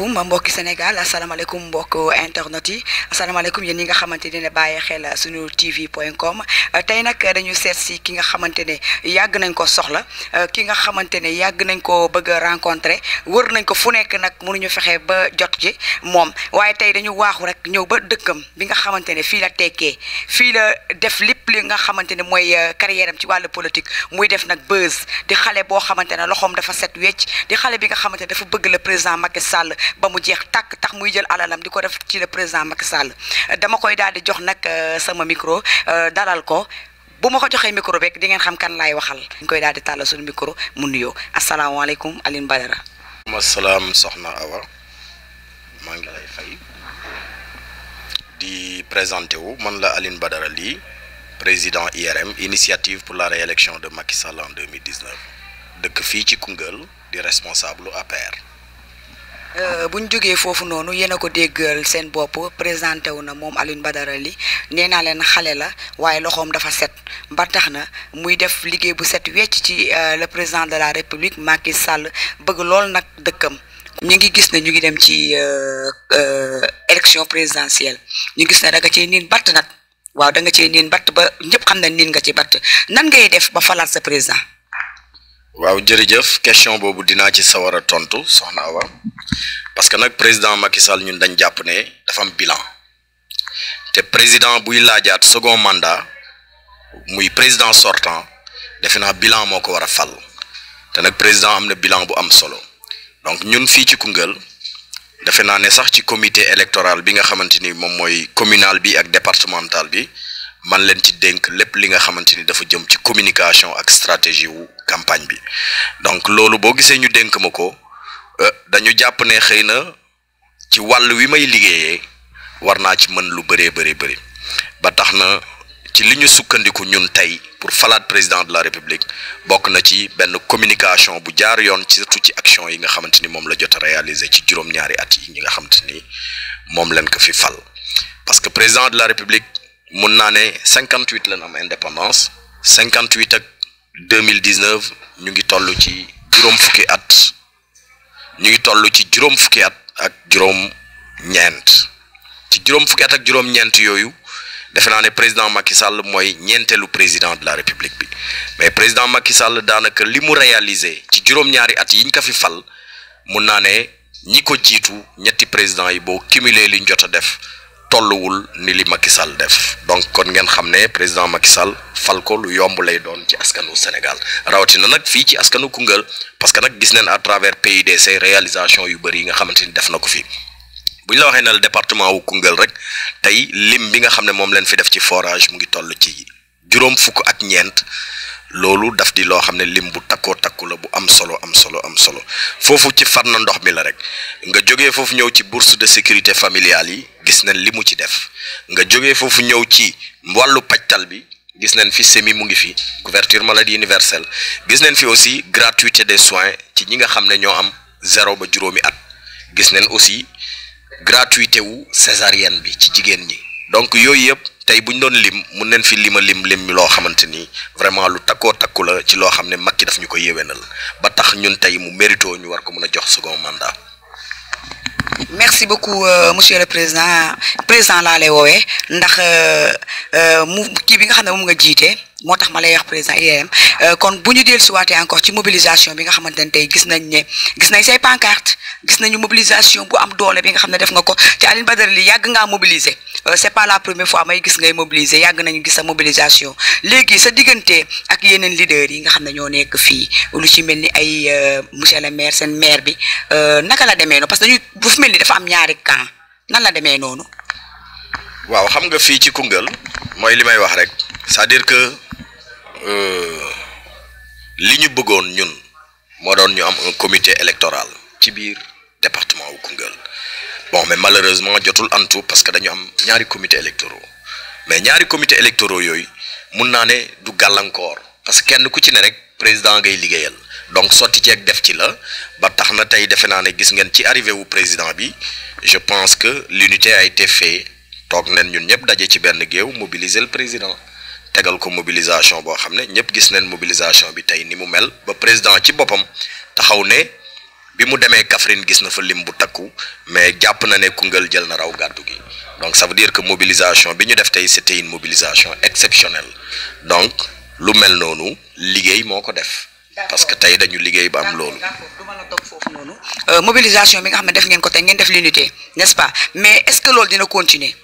ma mbokki Sénégal asalaamaaleykum mbokk internet yi asalaamaaleykum yéen ni nga xamante ne bàyyi xel suñu tv point com tey nag dañu seet si ki nga xamante ne yàgg nañ ko soxla ki nga xamante ne yàgg nañ ko bëgg a rencontré wër nañ ko fu nekk nag mënuñu fexe ba jot ci moom waaye tey dañu waaxu rek ñëw ba dëkkam bi nga xamante ne fii la tekkee fii la def lépp li nga xamante ne mooy euh, carrière ci wàllu politique muy def nag buzz di xale boo xamante ne loxoom dafa set wecc di xale bi nga xamante ne dafa bëgg le président Macky Sall ba mu jeex tàkk tax muy jël alalam di ko def ci le président Macky Sall dama koy daal di jox nag euh, sama micro euh, dalal ko bu ma ko joxee micro rek di ngeen xam kan laay waxal. ñu koy daal di tàllal suñu micro mu nuyoo asalaamaaleykum Alioune Badara. ma salaam soxna Awa maa ngi lay fay di présenté wu man la Alioune Badara lii président IRM initiative pour la réélection de Macky Sall en 2019 dëkk fii ci Koungheul di responsable APR. Euh, bu ñu jógee foofu noonu yéen a ko déggal seen bopp présenté wu na moom Alioune Badara li nee naa leen xale la waaye loxoom dafa set ba tax na muy def liggéey bu set wecc ci euh, le président de la république Macky sàll bëgg lool nag dëkkam. ñu ngi gis ne ñu ngi dem ci euh, élection présidentielle ñu gis ne da ci cee niin batt nag waaw da nga cee niin batt ba ñëpp xam na niin nga ci bat nan ngay def ba falaat sa président. waaw jërëjëf question boobu dinaa ci sawar a tontu soxna Awa parce que nag président Macky Sall ñun dañ jàpp ne dafa am bilan te président buy laajaat second mandat muy président sortant defe naa bilan moo ko war a fal te nag président am na bilan bu am solo donc ñun fii ci Koungheul defe naa ne sax ci comité électoral bi nga xamante ni moom mooy communal bi ak départemental bi man leen ci dénk lépp li nga xamante ni dafa jëm ci communication ak stratégie wu campagne bi donc loolu boo gisee ñu dénk ma ko euh, dañu jàpp ne xëy na ci wàll wi may liggéeyee war naa ci mën lu bëree bëri bëri ba tax na ci li ñu sukkandiku ñun tey pour falaat président de la république bokk na ci benn communication bu jaar yoon ci surtout ci action yi nga xamante ni moom la jot a réaliser ci juróom-ñaari at yi ñi nga xamante ni moom leen ko fi fal parce que président mun naa ne cinquante huit lañ am indépendance cinquante huit ak deux mille dix neuf ñu ngi tollu ci juróom fukki at ñu ngi toll ci juróom fukki at ak juróom ñeent ci juróom fukki ak juróom yooyu defe naa ne président Macky Sall mooy ñeenteelu président de la république bi mais président Macky Sall daanaka li mu réalisé ci juróom-ñaari at yi ñu ko fi fal mun naa ne ñi ko jiitu ñetti président yi boo cumulé li ñu jot a def. tolluwul ni li Macky Sall def donc kon ngeen xam ne président Macky Sall fal ko lu yomb lay doon ci askanu Sénégal rawatina nag fii ci askanu Koungheul parce que nag gis neen à travers PUDC réalisation yu bëri yi nga xamante ni def na ko fii bu ñu la waxee ne département wu Koungheul rek tey lim bi nga xam ne moom leen fi def ci forage mu ngi toll ci juróom fukk ak ñeent loolu daf di loo xam ne lim bu takkoo takku la bu am solo am solo am solo foofu ci na ndox mi la rek nga jógee foofu ñëw ci bourse de sécurité familiale yi gis nañ li mu ci def nga jógee foofu ñëw ci wàllu pajtal bi gis nañ fi semi mu ngi fi couverture maladie universelle gis nañ fi aussi gratuité des soins ci ñi nga xam ne ñoo am zéro ba juróomi at gis nañ aussi gratuité wu césarienne bi ci jigéen ñi donc yooyu yëpp tey bu doon lim mun neen fi lima lim lim loo xamante ni vraiment lu takkoo takku ci loo xam ne Macky daf ñu ko yéwénal ba tax ñun tey mu mérito ñu war ko mën a jox second mandat. merci beaucoup euh, monsieur le président président laa lay woowee ndax euh, euh, mu kii bi nga xam ne moom nga jiite moo tax ma lay wax président IAM kon bu ñu dellusiwaatee encore ci mobilisation bi nga xamante ne tey gis nañ ne gis nañ say pancarte gis nañu mobilisation bu am doole bi nga xam ne def nga ko te Alioune Badara Ly yàgg ngaa mobiliser. Euh, c'est pas la première fois may gis ngay mobiliser yàgg nañu gis sa mobilisation léegi sa diggante ak yeneen leaders yi nga xam ne ñoo nekk fii lu ci mel ni ay euh, monsieur le maire seen maire bi euh, naka la demee noonu parce que dañuy bu fi mel ni dafa am ñaari camp nan la demee noonu. waaw xam nga fii ci Koungheul mooy li may wax rek cest dire que li ñu bëggoon ñun moo doon ñu am comité électoral ci biir departement wu Koungheul. bon mais malheureusement jotul antu parce que dañu am ñaari comité électoraux mais ñaari comité électoraux yooyu mun naa ne du gàllankoor parce que kenn ku ci ne rek président ngay liggéeyal donc sotti ceeg def ci la ba tax na tey defe naa ne gis ngeen ci arrivé wu président bi je pense que l'unité a été faite toog nen ñun ñëpp daje ci benn géew mobiliser le président tegal ko mobilisation boo xam ne ñëpp gis neen mobilisation bi tey ni mu mel ba président ci boppam taxaw ne bi mu demee Kaffrine gis na fa lim bu takku mais jàpp na ne Koungheul jël na raw gàddu gi donc sa veut que mobilisation bi ñu def tey c'était une mobilisation exceptionnelle donc lu mel noonu liggéey moo ko def. parce que tey dañu liggéey ba am loolu. du ma la toog foofu noonu. Euh, mobilisation bi nga xam ne def ngeen ko tey ngeen def l'unité n'est-ce pas mais est-ce que loolu dina continuer.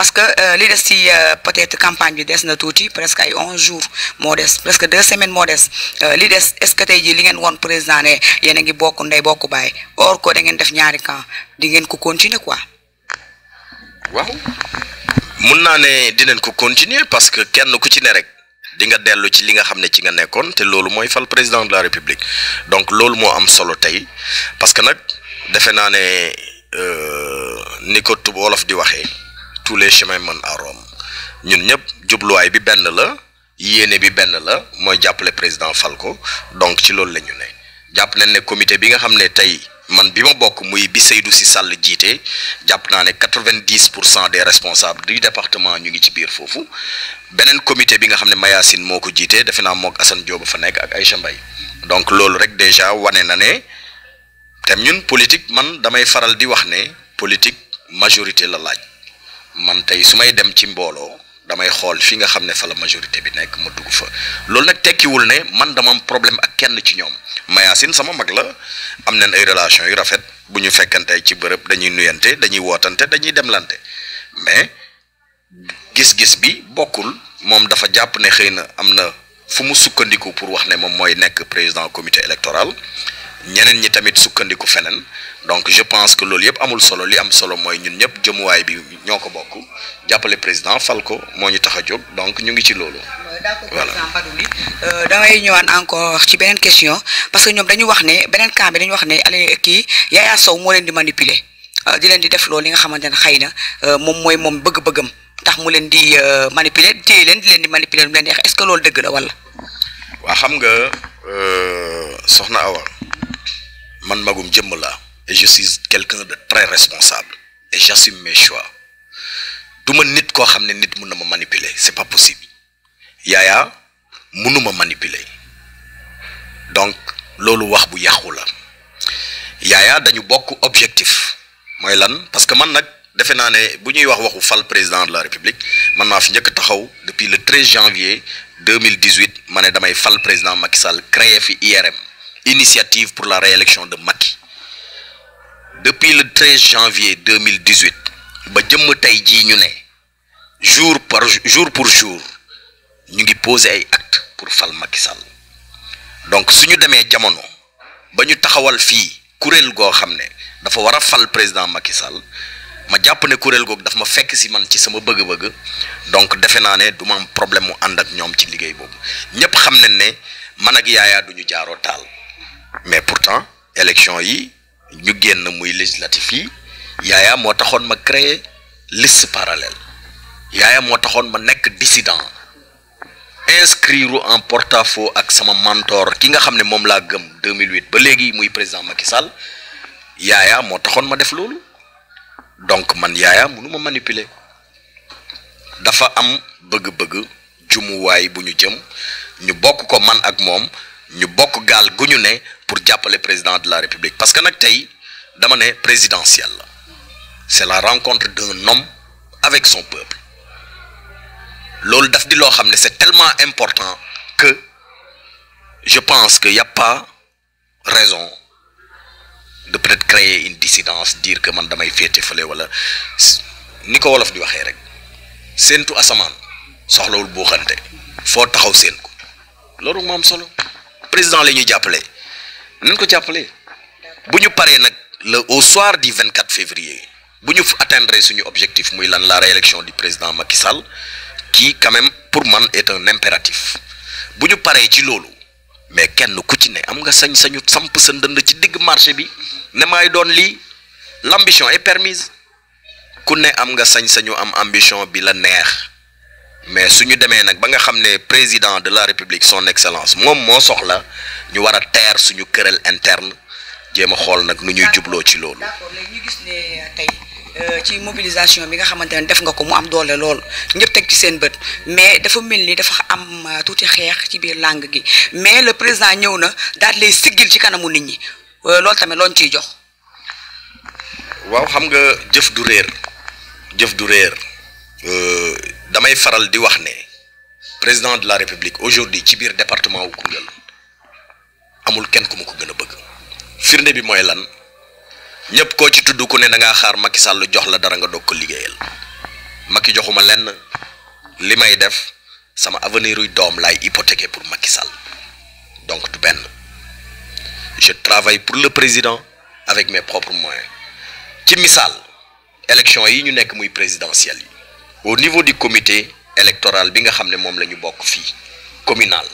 parce que euh, li des ci euh, peut-être campagne bi des na tuuti presque ay onze jour moo des presque deux semaine moo des euh, li des est-ce que tey jii li ngeen woon président ne yéen a ngi bokk ndey bokk bàyyi or ko da ngeen def ñaari camp di ngeen ko continuer quoi. waaw mun naa ne dinañ ko continuer parce que kenn ku ci ne rek di nga dellu ci li nga xam ne ci nga nekkoon te loolu mooy fal président de la république donc loolu moo am solo tey parce que nag defe naa ne ni ko tub di waxee. tous les man mènent à Rome ñun ñëpp jubluwaay bi benn la yéene bi benn la mooy jàppale président fal ko donc ci loolu la ñu ne jàpp nañ ne comité bi nga xam ne tey man bi ma bokk muy bi Seydou Sy Sall jiite jàpp naa ne quatre-vingt-dix pour cent des responsables du département ñu ngi ci biir foofu beneen comité bi nga xam ne Mayacine moo ko jiite defe naa moog Assane Diop fa nekk ak ay Mbaye donc loolu rek déjà wane na ne te ñun politique man damay faral di wax ne politique majorité la laaj. man tey su may dem ci mbooloo damay xool fii nga xam ne fa la majorité bi nekk ma dugg fa loolu nag tekkiwul ne man dama am problème ak kenn ci ñoom Mayacine sama mag la am nañ ay relation yu rafet bu ñu fekkantee ci bërëb dañuy nuyante dañuy wootante dañuy demlante mais gis-gis bi bokkul moom dafa jàpp ne xëy na am na fu mu sukkandiku pour wax ne moom mooy nekk président commité électoral ñeneen ñi tamit sukkandiku feneen donc je pense que loolu yëpp amul solo li am solo mooy ñun ñëpp jëmuwaay bi ñoo ko bokk jàppale président fal ko moo ñu tax a jóg donc ñu ngi ci loolu. voilà euh, damay ñëwaan encore ci beneen question parce que ñoom dañu wax ne beneen camp bi dañu wax ne allez kii Yaya Sow moo leen di manipuler euh, di leen di def loolu li nga xamante ne xëy na euh, moom mooy moom bëgg-bëggam tax mu leen di manipuler téye leen di leen di manipuler mu leen di est-ce que loolu dëgg la wala. xam nga soxna Awa. man magum jëmm laa et je suis quelqu'un de très responsable et j'assume mes choix du nit koo xam ne nit mun na ma manipuler c'est pas possible Yaya munuma manipuler donc loolu wax bu yàqu la Yaya dañu bokk objectif mooy lan parce que man nag defe naa ne bu ñuy wax waxu fal président de la république man maa fi njëkk taxaw depuis le 13 janvier 2018 ma ne damay fal président Macky Sall créé fi IRM. initiative pour la réélection de Macky depuis le 13 janvier 2018 ba jëmm tey jii ñu ne jour par jour pour jour ñu ngi poser ay actes pour fal Macky Sall donc suñu demee jamono ba ñu taxawal fii kuréel goo xam ne dafa war a fal président Macky Sall ma jàpp ne kuréel googu daf ma fekk si man ci sama bëgg-bëgg donc defe naa ne du ma am problème mu ànd ak ñoom ci liggéey boobu ñépp xam nañ ne man ak yaayaa duñu jaaroo taal mais pourtant élection yi ñu génn muy législatif yi yaaya moo taxoon ma créer liste parallèle yaaya moo taxoon ma nekk dissident inscrire en porte-à-faux ak sama mentor ki nga xam ne moom laa gëm 2008 ba léegi muy président Macky Sall yaaya moo taxoon ma def loolu donc man yaaya mënu ma manipuler dafa am bëgg-bëgg jumuwaay bu ñu jëm ñu bokk ko man ak moom ñu bokk gaal gu ñu ne jàppale président de la république parce que nag tey dama ne présidentielle la c'est la rencontre de homme avec son peuple loolu daf di loo xam ne c'est tellement important que je pense que y pas raison de peut-être créer une dissidence dire que man damay féete fale wala ni ko wolof di waxee rek séentu asamaan soxlawul buuxante foo taxaw seen ko loolu moom solo président la ñuy jàppale nañ ko jàppale bu ñu paree nag le au soir du 24 février bu ñu atteindre suñu objectif muy lan la réélection du président Macky Sall qui pour man est un impératif bu ñu paree ci loolu mais kenn ku ci ne am nga sañ-sañu samp sa ndënd ci digg marché bi ne maay doon lii l'ambition est permise ku ne am nga sañ-sañu am ambition bi la neex mais suñu demee nag ba nga xam ne président de la république son excellence moom moo soxla ñu war a teer suñu këral interne jéem a xool nag nu ñuy jubloo ci loolu. d'accord gis ne euh, tey euh, ci mobilisation bi nga xamante ne def nga ko mu am doole lool ñëpp teg ci seen bët mais dafa mel ni dafa am euh, tuuti xeex ci biir langue gi mais le président ñëw na daal lay siggil ci kanamu nit ñi lool tamit looñ ciy jox. waaw xam nga jëf du réer jëf du réer. damay faral di wax ne président de la république aujourd'hui ci biir département wu Koungheul amul kenn ku ma ko gën a bëgg firnde bi mooy lan ñëpp koo ci tudd ku ne da ngaa xaar Macky Sall jox la dara nga doog ko liggéeyal Macky joxuma lenn li may def sama avenir yu doom laay hypothéquer pour Macky Sall donc du benn je travaille pour le président avec mes propres moyens ci missal élection yi ñu nekk muy présidentielle yi. au niveau du comité électoral bi nga xam ne moom la ñu bokk fii communal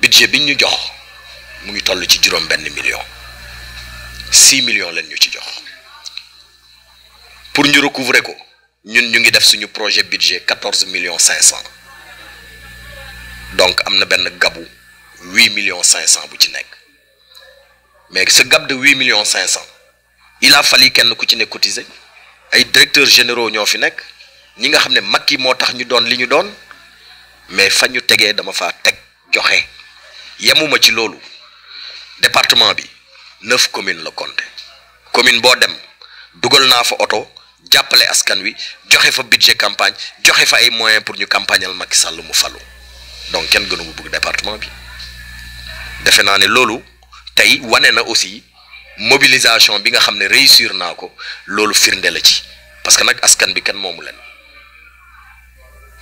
budget bi ñu jox mu ngi toll ci juróom benn million six millions leen ñu ci jox pour ñu recouvrer ko ñun ñu ngi def suñu projet budget quatorze millions cinq cent donc am na benn gabu huit millions cinq cent bu ci nekk mais ce gab de huit millions cinq cent il a fallu kenn ku ci ne cotiser ay directeurs généraux ñoo fi nekk ñi nga xam ne mag Macky moo tax ñu doon li ñu doon mais fa ñu tegee dama fa teg joxe yemuma ci loolu département bi neuf commune la compté commune boo dem dugal naa fa oto jàppale askan wi joxe fa budget campagne joxe fa ay moyens pour ñu campagnal Macky Sall mu falu donc kenn gënu mu bëgg département bi defe naa ne loolu tey wane na aussi mobilisation bi nga xam ne réussir naa ko loolu firnde la ci parce que nag askan bi kenn moomu leen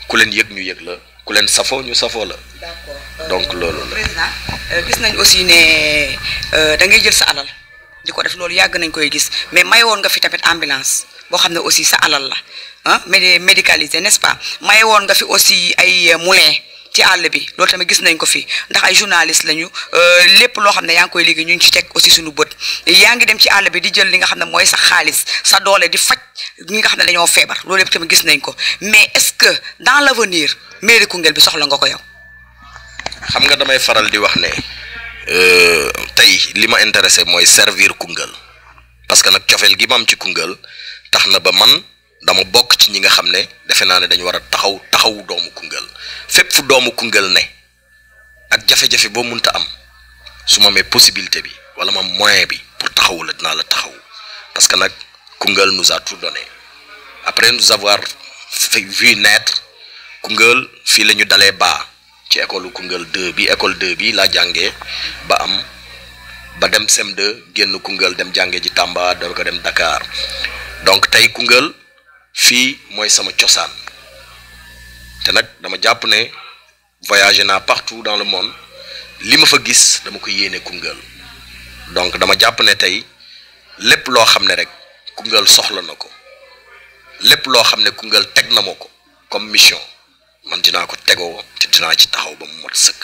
ku leen yëg ñu yëg la ku leen safoo ñu safoo la. d'accord euh, donc loolu la. Euh, gis nañ aussi ne euh, da ngay jël sa alal di ko def loolu yàgg nañ koy gis mais woon nga fi tamit ambulance boo xam ne aussi sa alal la ah médicalisé n'est-ce pas mayoon nga fi aussi ay moulin. ci àll bi loolu tamit gis nañ ko fi ndax ay journaliste lañu euh, lépp loo xam ne yaa ngi koy liggéey ñu ngi ci teg aussi suñu bët yaa ngi dem ci àll bi di jël li nga xam ne mooy sa xaalis sa doole di faj ñi nga xam ne dañoo feebar loolu lépp tamit gis nañ ko mais est-ce que dans l'avenir mairie Koungheul bi soxla nga ko yow. xam nga damay faral di wax ne euh, tey li ma intéressé mooy servir Koungheul parce que nag cofeel gi ma am ci Koungheul tax na ba man. dama bokk ci ñi nga xam ne defe naa ne dañu war a taxaw taxawu doomu Koungheul fépp fu doomu Koungheul ne ak jafe-jafe boo munta am su ma amee possibilité bi wala ma moyen bi pour taxawu la dinaa la taxaw parce que nag Koungheul nous a tout donné après nous avoir fi vu naître Koungheul fii la ñu dalee baa ci école Koungheul 2 bi école 2 bi laa jàngee ba am ba dem sem de génn Koungheul dem jàngee ji Tamba door ko dem Dakar donc tey Koungheul fii mooy sama cosaan te nag dama jàpp ne voyagé naa partout dans le monde li ma fa gis dama ko yéene Koungheul donc dama jàpp ne tey lépp loo xam ne rek Koungheul soxla na ko lépp loo xam ne Koungheul teg na ma ko comme mission man dinaa ko tegoo te dinaa ci taxaw ba mu mot sëkk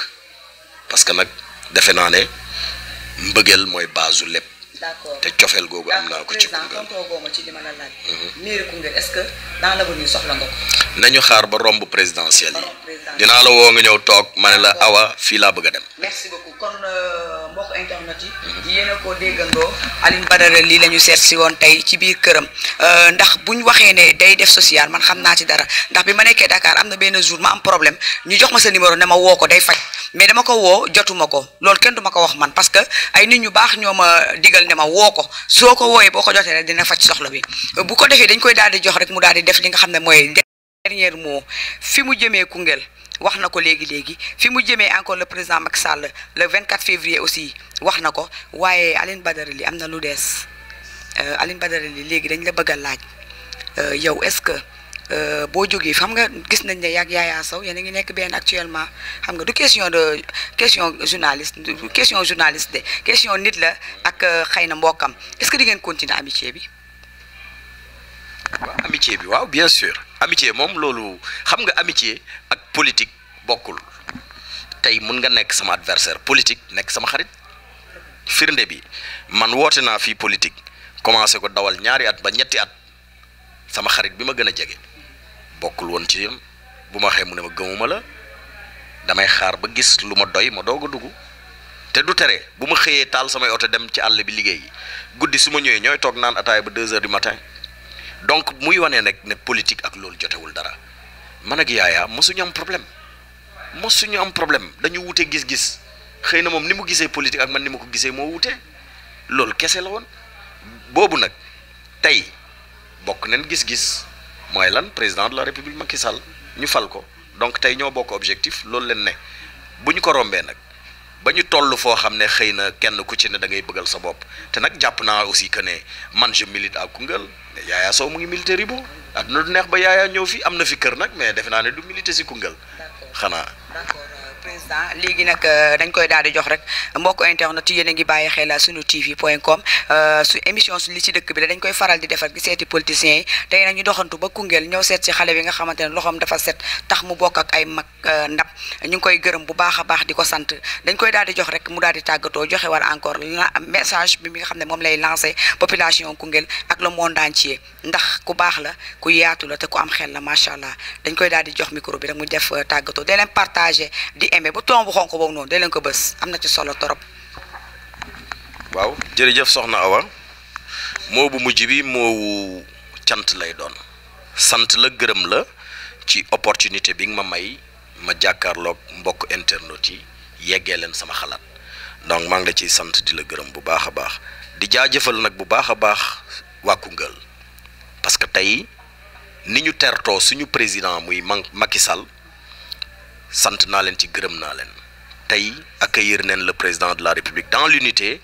parce que nag defe naa ne mbëggeel mooy baasu lépp d'accord te cofeel googu am naa ko ci Koungheul ci mhm. ce que dans soxla nga ko. nañu xaar ba romb présidentiel yi. dinaa la woo nga ñëw toog ma ne la awa fii laa bëgg a dem. merci internet yi yéen a ko déggandoo Alioune Badara lii la ñu seet si woon tey ci biir këram euh, ndax buñ waxee ne day def social man xam naa ci dara ndax bi ma nekkee dakaar am na benn jour ma am problème ñu jox ma sa numéro ne ma woo ko day faj mais dama ko woo jotuma ko loolu kenn duma ko wax man parce que ay nit ñu baax ñoo ma digal ne ma woo ko soo ko wooyee boo ko jotee rek dina faj soxlo bi euh, bu ko defee dañ koy daal di jox rek mu daal di def li nga xam ne mooy dernier mot fi mu jëmee Koungheul wax na ko léegi léegi fi mu jëmee encore le président Macky Sall le 24 février aussi wax na ko waaye Aline Badara li am na lu dees euh, Aline Badara li léegi dañ la bëgg a laaj euh, yow est-ce que euh, boo jógee xam nga gis nañ ne yàgg Yaya Sow yéen a ngi nekk benn actuellement xam nga du question de question journaliste question journaliste de question nit la ak xëy na mbokkam est-ce que di ngeen continuer amitié bi. waa amitié bi waaw bien sûr amitier moom loolu xam nga amitié ak politique bokkul tey mun nga nekk sama adversaire politique nekk sama xarit firnde bi man woote naa fii politique commencé ko dawal ñaari at ba ñetti at sama xarit bi ma gën a jege bokkul woon ci yoon bu ma waxee mu ne ma gëmuma la damay xaar ba gis lu ma doy ma doog a dugg te du tere bu ma xëyee taal samay oto dem ci àll bi liggéey guddi su ma ñëwee ñooy toog naan ataay ba deux heures donc muy wane rek ne politique ak loolu jotewul dara man ak yaayaa mosuñu am problème mosuñu am problème dañu wute gis-gis xëy na moom ni mu gisee politique ak man ni ma ko gisee moo wute loolu kese la woon boobu nag tey bokk nañ gis-gis mooy lan président de la république Macky Sall ñu fal ko donc tey ñoo bokk objectif loolu leen ne bu ñu ko rombee nag. ba ñu toll foo xam ne xëy na kenn ku ci ne dangay ngay bëggal sa bopp te nag jàpp naa aussi que ne man je milite à Koungheul mais Yaya Sow mu ngi milité Ribot àdduna du neex ba Yaya ñëw fi am na fi kër nag mais defe naa ne du milité si Koungheul xanaa président léegi nag euh, dañ koy daal di jox rek mbokk internet yéen a ngi bàyyi xel sunu tv point com euh, su émission su li ci dëkk bi la dañ koy faral di defar gi seeti politiciens yi tey nag ñu doxantu ba Koungheul ñëw seet ci xale bi nga xamante ne loxoom dafa set tax mu bokk ak ay mag euh, ndab ñu ngi koy gërëm bu baax a baax di ko sant dañ koy di jox rek mu daal di tàggatoo joxe war encore message bi mi nga xam ne moom lay lancé population Koungheul ak le monde entier ndax ku baax la ku yaatu la te ku am xel la macha allah dañ koy daal di jox micro bi rek mu def tàggatoo di partagé di aimé bouton bu xonk boobu noonu dee leen ko bës am na ci solo torop waaw jërëjëf soxna Awa moo bu mujj bi moowu cant lay doon sant la gërëm la ci opportunité bi nga ma may ma jàkkaarloog mbokk internet yi yeggee leen sama xalaat donc maa ngi la ciy sant di la gërëm bu baax a baax di jaajëfal nag bu baax a baax waa Koungheul parce que tey ni ñu tertoo suñu président muy Macky Sall sant naa leen ci gërëm naa leen tey accueillir neen le président de la république dans l'unité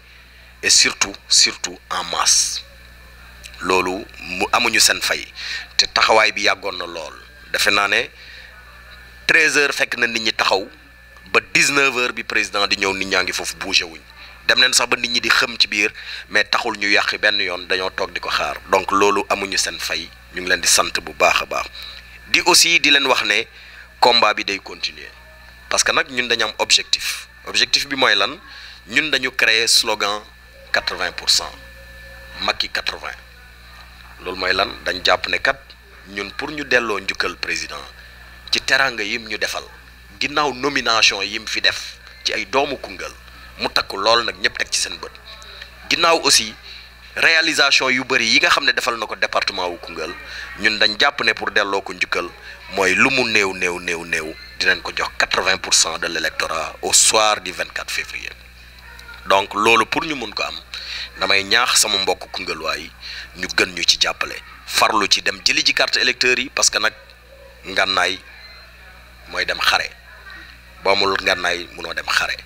et surtout surtout en masse loolu mu amuñu seen fay te taxawaay bi yàggoon na lool defe naa ne 13 heures fekk na nit ñi taxaw ba 19 heures bi président di ñëw nit ñaa ngi foofu bougé wuñ dem neen sax ba nit ñi di xëm ci biir mais taxul ñu yàq benn yoon dañoo toog di ko xaar donc loolu amuñu seen fay ñu ngi leen di sant bu baax a baax di aussi di leen wax ne. combat bi day continuer parce que nag ñun dañu am objectif objectif bi mooy lan ñun dañu créer slogan 80 pour cent Macky 80 loolu mooy lan dañ jàpp ne kat ñun pour ñu delloo njukkal président ci teraanga yim ñu defal ginnaaw nomination mu fi def ci ay doomu Koungheul mu takku lool nag ñëpp teg ci seen bët ginnaaw aussi réalisation yu bëri yi nga xam ne defal na ko département wu Koungheul ñun dañ jàpp ne pour delloo ko njukkal mooy lu mu néew néew néew néew dinañ ko jox quatre-vingt pour cent de l'électorat au soir du 24 février donc loolu pour ñu mën ko am damay ñaax sama mbokk Koungheulois ñu gën ñu ci jàppale farlu ci dem jëli ci carte électeur yi parce que nag ngànnaay mooy dem xare boo amul ngànnaay munoo dem xare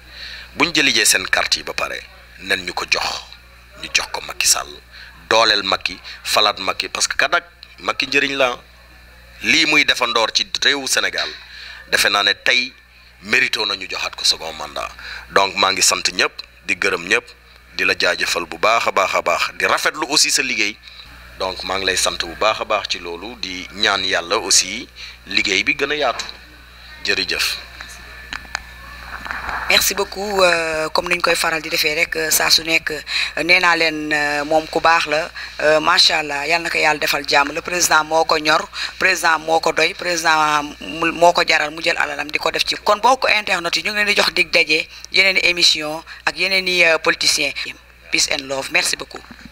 buñ jëlijee seen carte yi ba pare nen ñu ko jox ñu jox ko Macky sàll dooleel Macky falaat Macky parce que kat nag Macky njëriñ la lii muy defandoor ci réewu senegal defe naa ne tey mérito nañu joxaat ko second mandat donc maa ngi sant ñëpp di gërëm ñëpp di la jaajëfal bu baax a baax a baax di rafetlu aussi sa liggéey donc maa ngi lay sant bu baax a baax ci loolu di ñaan yàlla aussi liggéey bi gën a yaatu jërëjëf. merci beaucoup euh, comme niñ koy faral di defee rek euh, saa su nekk euh, nee naa leen moom ku baax la macha allah yal na ko yàlla defal jàmm le président moo ko ñor président moo ko doy président moo ko jaral mu jël alalam di ko def ci kon boo ko internet yi ñu ngi leen di jox dig dajee yeneen i émission ak yeneen i politiciens peace and love merci beaucoup